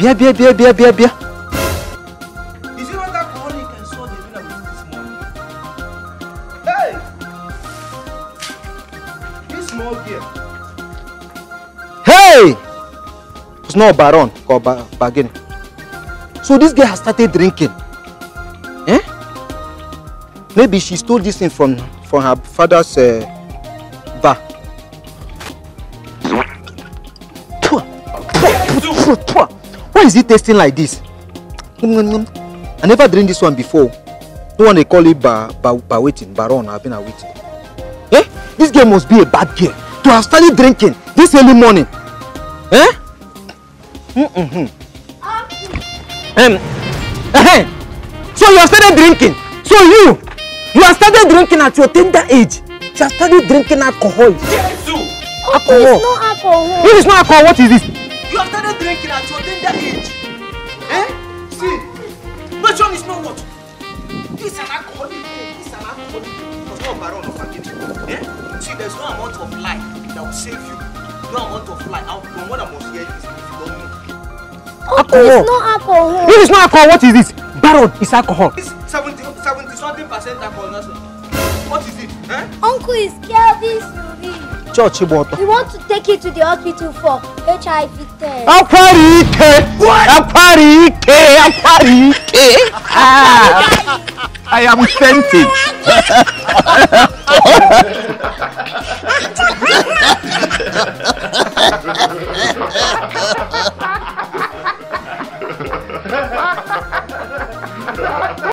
Bia, bia, bia, bia, bia, bia. Is it not that coronic and so the winner with this morning? Hey! This small girl. Hey! It's not Baron or ba Bargain. So this girl has started drinking. Eh? Maybe she stole this thing from, from her father's uh, bar. Toi! Toi! Toi! why is it tasting like this i never drink this one before no one dey call it ba ba ba waiting baron abina waiting eh this girl must be a bad girl to have started drinking this early morning eh mm -mm. Um, uh -huh. so you have started drinking so you you have started drinking at your tender age you have started drinking alcohol yes, alcohol. Okay, alcohol It is not alcohol what is this you have started drinking at your tender age. Eh? See, Patron is not what? He's an alcoholic. He's an alcoholic. Because no baron of a Eh? See, there's no amount of life that will save you. No amount of life. Alcohol, what I must hear is if you don't know. alcohol. It's not alcohol. It is not alcohol. What is this? Baron is alcohol. It's 70, 70 something percent alcohol. What is it? Eh? Uncle is Kelvin's chọọchị gba ọtọ. we want to take you to the hospital for HIV test. akwari ike akwari ike ah. akwari ike i am fainting.